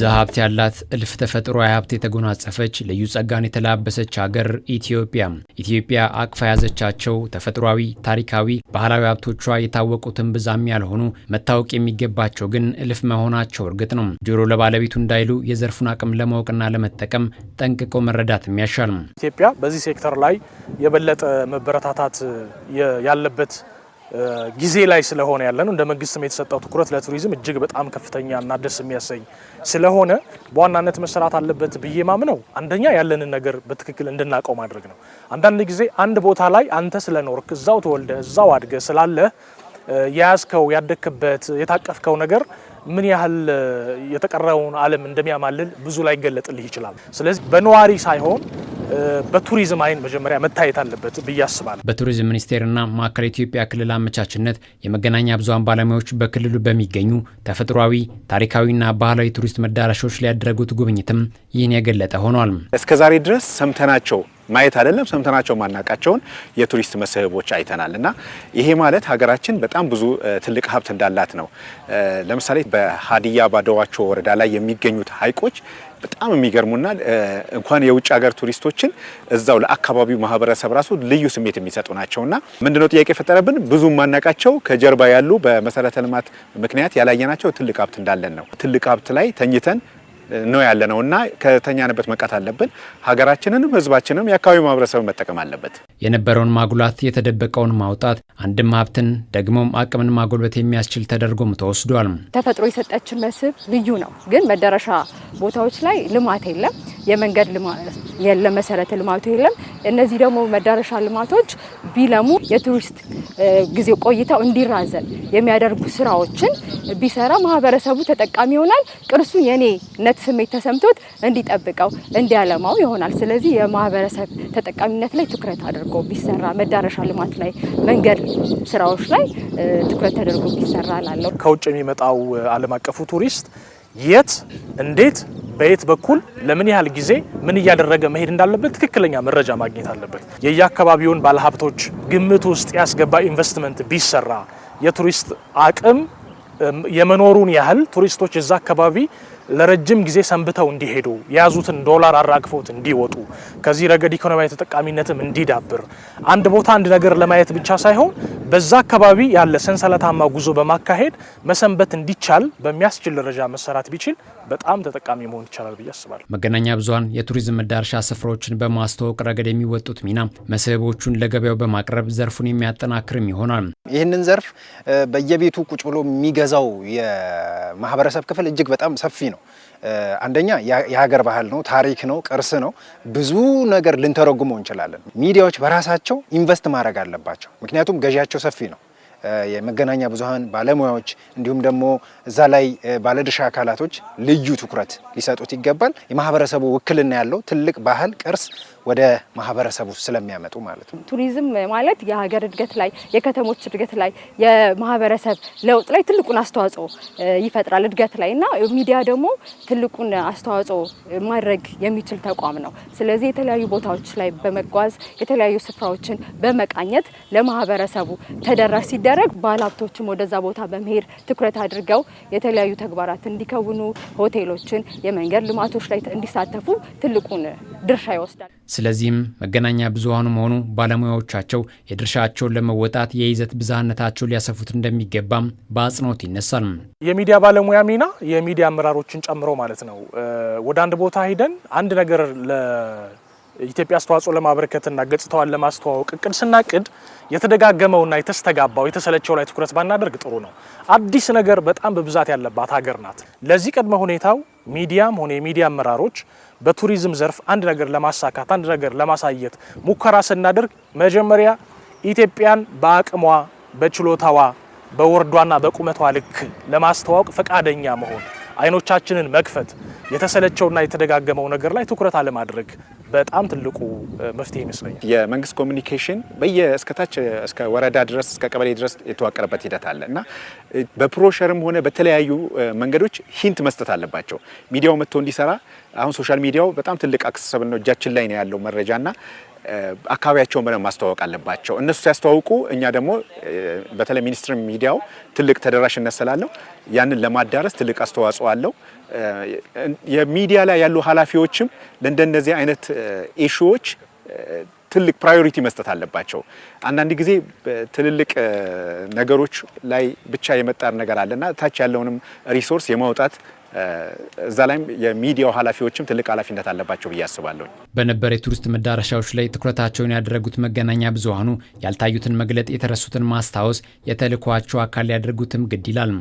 ብዝሃ ሀብት ያላት እልፍ ተፈጥሯዊ ሀብት የተጎናጸፈች ልዩ ጸጋን የተላበሰች ሀገር ኢትዮጵያ። ኢትዮጵያ አቅፋ የያዘቻቸው ተፈጥሯዊ፣ ታሪካዊ፣ ባህላዊ ሀብቶቿ የታወቁትን ብዛም ያልሆኑ መታወቅ የሚገባቸው ግን እልፍ መሆናቸው እርግጥ ነው። ጆሮ ለባለቤቱ እንዳይሉ የዘርፉን አቅም ለማወቅና ለመጠቀም ጠንቅቆ መረዳትም ያሻል። ኢትዮጵያ በዚህ ሴክተር ላይ የበለጠ መበረታታት ያለበት ጊዜ ላይ ስለሆነ ያለ ነው። እንደ መንግስትም የተሰጠው ትኩረት ለቱሪዝም እጅግ በጣም ከፍተኛ እና ደስ የሚያሰኝ ስለሆነ በዋናነት መሰራት አለበት ብዬ ማምነው አንደኛ ያለንን ነገር በትክክል እንድናውቀው ማድረግ ነው። አንዳንድ ጊዜ አንድ ቦታ ላይ አንተ ስለኖርክ እዛው ተወልደ እዛው አድገ ስላለ የያዝከው ያደግክበት የታቀፍከው ነገር ምን ያህል የተቀረውን ዓለም እንደሚያማልል ብዙ ላይ ገለጥልህ ይችላል። ስለዚህ በነዋሪ ሳይሆን በቱሪዝም አይን መጀመሪያ መታየት አለበት ብዬ አስባለሁ። በቱሪዝም ሚኒስቴርና ማዕከል ኢትዮጵያ ክልል አመቻችነት የመገናኛ ብዙኃን ባለሙያዎች በክልሉ በሚገኙ ተፈጥሯዊ ታሪካዊና ባህላዊ ቱሪስት መዳረሻዎች ሊያደረጉት ጉብኝትም ይህን የገለጠ ሆኗል። እስከ ዛሬ ድረስ ሰምተናቸው ማየት አይደለም ሰምተናቸው ማናቃቸውን የቱሪስት መስህቦች አይተናል እና ይሄ ማለት ሀገራችን በጣም ብዙ ትልቅ ሀብት እንዳላት ነው። ለምሳሌ በሀዲያ ባደዋቸው ወረዳ ላይ የሚገኙት ሀይቆች በጣም የሚገርሙና እንኳን የውጭ ሀገር ቱሪስቶችን እዛው ለአካባቢው ማህበረሰብ ራሱ ልዩ ስሜት የሚሰጡ ናቸውና ምንድነው ጥያቄ የፈጠረብን ብዙ ማናቃቸው ከጀርባ ያሉ በመሰረተ ልማት ምክንያት ያላየናቸው ትልቅ ሀብት እንዳለን ነው። ትልቅ ሀብት ላይ ተኝተን ነው ያለ ነው እና ከተኛንበት መቃት አለብን። ሀገራችንንም ህዝባችንም የአካባቢው ማህበረሰብ መጠቀም አለበት። የነበረውን ማጉላት፣ የተደበቀውን ማውጣት፣ አንድም ሀብትን ደግሞም አቅምን ማጎልበት የሚያስችል ተደርጎም ተወስዷል። ተፈጥሮ የሰጠችን መስህብ ልዩ ነው፣ ግን መዳረሻ ቦታዎች ላይ ልማት የለም። የመንገድ የለም፣ መሰረተ ልማቱ የለም። እነዚህ ደግሞ መዳረሻ ልማቶች ቢለሙ የቱሪስት ጊዜ ቆይታው እንዲራዘም የሚያደርጉ ስራዎችን ቢሰራ ማህበረሰቡ ተጠቃሚ ይሆናል። ቅርሱን የኔነት ስሜት ተሰምቶት እንዲጠብቀው እንዲያለማው ይሆናል። ስለዚህ የማህበረሰብ ተጠቃሚነት ላይ ትኩረት አድርጎ ቢሰራ፣ መዳረሻ ልማት ላይ መንገድ ስራዎች ላይ ትኩረት ተደርጎ ቢሰራ ላለው ከውጭ የሚመጣው ዓለም አቀፉ ቱሪስት የት፣ እንዴት፣ በየት በኩል ለምን ያህል ጊዜ ምን እያደረገ መሄድ እንዳለበት ትክክለኛ መረጃ ማግኘት አለበት። የየአካባቢውን ባለሀብቶች ግምት ውስጥ ያስገባ ኢንቨስትመንት ቢሰራ የቱሪስት አቅም የመኖሩን ያህል ቱሪስቶች እዛ አካባቢ ለረጅም ጊዜ ሰንብተው እንዲሄዱ የያዙትን ዶላር አራግፈውት እንዲወጡ ከዚህ ረገድ ኢኮኖሚያዊ ተጠቃሚነትም እንዲዳብር አንድ ቦታ አንድ ነገር ለማየት ብቻ ሳይሆን በዛ አካባቢ ያለ ሰንሰለታማ ጉዞ በማካሄድ መሰንበት እንዲቻል በሚያስችል ደረጃ መሰራት ቢችል በጣም ተጠቃሚ መሆን ይቻላል ብዬ አስባለሁ። መገናኛ ብዙኃን የቱሪዝም መዳረሻ ስፍራዎችን በማስተዋወቅ ረገድ የሚወጡት ሚና መስህቦቹን ለገበያው በማቅረብ ዘርፉን የሚያጠናክርም ይሆናል። ይህንን ዘርፍ በየቤቱ ቁጭ ብሎ የሚገዛው የማህበረሰብ ክፍል እጅግ በጣም ሰፊ ነው። ነው። አንደኛ የሀገር ባህል ነው፣ ታሪክ ነው፣ ቅርስ ነው። ብዙ ነገር ልንተረጉመው እንችላለን። ሚዲያዎች በራሳቸው ኢንቨስት ማድረግ አለባቸው፣ ምክንያቱም ገዢያቸው ሰፊ ነው። የመገናኛ ብዙሃን ባለሙያዎች እንዲሁም ደግሞ እዛ ላይ ባለድርሻ አካላቶች ልዩ ትኩረት ሊሰጡት ይገባል። የማህበረሰቡ ውክልና ያለው ትልቅ ባህል ቅርስ ወደ ማህበረሰቡ ስለሚያመጡ ማለት ነው። ቱሪዝም ማለት የሀገር እድገት ላይ፣ የከተሞች እድገት ላይ፣ የማህበረሰብ ለውጥ ላይ ትልቁን አስተዋጽኦ ይፈጥራል እድገት ላይ እና ሚዲያ ደግሞ ትልቁን አስተዋጽኦ ማድረግ የሚችል ተቋም ነው። ስለዚህ የተለያዩ ቦታዎች ላይ በመጓዝ የተለያዩ ስፍራዎችን በመቃኘት ለማህበረሰቡ ተደራሽ ሲደረግ ባለሀብቶችም ወደዛ ቦታ በመሄድ ትኩረት አድርገው የተለያዩ ተግባራት እንዲከውኑ ሆቴሎችን፣ የመንገድ ልማቶች ላይ እንዲሳተፉ ትልቁን ድርሻ ይወስዳል። ስለዚህም መገናኛ ብዙሃኑ ሆኑ ባለሙያዎቻቸው የድርሻቸውን ለመወጣት የይዘት ብዝሃነታቸውን ሊያሰፉት እንደሚገባም በአጽንኦት ይነሳል። የሚዲያ ባለሙያ ሚና የሚዲያ አመራሮችን ጨምሮ ማለት ነው። ወደ አንድ ቦታ ሂደን አንድ ነገር ኢትዮጵያ አስተዋጽኦ ለማበረከትና ገጽታዋን ለማስተዋወቅ እቅድ ስናቅድ የተደጋገመውና የተስተጋባው የተሰለቸው ላይ ትኩረት ባናደርግ ጥሩ ነው። አዲስ ነገር በጣም በብዛት ያለባት ሀገር ናት። ለዚህ ቅድመ ሁኔታው ሚዲያም ሆነ የሚዲያ አመራሮች በቱሪዝም ዘርፍ አንድ ነገር ለማሳካት አንድ ነገር ለማሳየት ሙከራ ስናደርግ መጀመሪያ ኢትዮጵያን በአቅሟ በችሎታዋ በወርዷና በቁመቷ ልክ ለማስተዋወቅ ፈቃደኛ መሆን አይኖቻችንን መክፈት የተሰለቸውና የተደጋገመው ነገር ላይ ትኩረት አለማድረግ በጣም ትልቁ መፍትሄ ይመስለኛል። የመንግስት ኮሚኒኬሽን በየእስከታች እስከ ወረዳ ድረስ እስከ ቀበሌ ድረስ የተዋቀረበት ሂደት አለ እና በፕሮሸርም ሆነ በተለያዩ መንገዶች ሂንት መስጠት አለባቸው ሚዲያው መጥቶ እንዲሰራ። አሁን ሶሻል ሚዲያው በጣም ትልቅ አክሰሰብል ነው፣ እጃችን ላይ ነው ያለው መረጃ እና አካባቢያቸውን በደንብ ማስተዋወቅ አለባቸው። እነሱ ሲያስተዋውቁ እኛ ደግሞ በተለይ ሚኒስትር ሚዲያው ትልቅ ተደራሽነት ስላለው ያንን ለማዳረስ ትልቅ አስተዋጽኦ አለው። የሚዲያ ላይ ያሉ ኃላፊዎችም ለእንደነዚህ አይነት ኢሹዎች ትልቅ ፕራዮሪቲ መስጠት አለባቸው። አንዳንድ ጊዜ ትልልቅ ነገሮች ላይ ብቻ የመጣር ነገር አለና ታች ያለውንም ሪሶርስ የማውጣት እዛ ላይም የሚዲያው ኃላፊዎችም ትልቅ ኃላፊነት አለባቸው ብዬ አስባለሁ። በነበር የቱሪስት መዳረሻዎች ላይ ትኩረታቸውን ያደረጉት መገናኛ ብዙኃኑ ያልታዩትን መግለጥ የተረሱትን ማስታወስ የተልዕኳቸው አካል ሊያደርጉትም ግድ ይላል።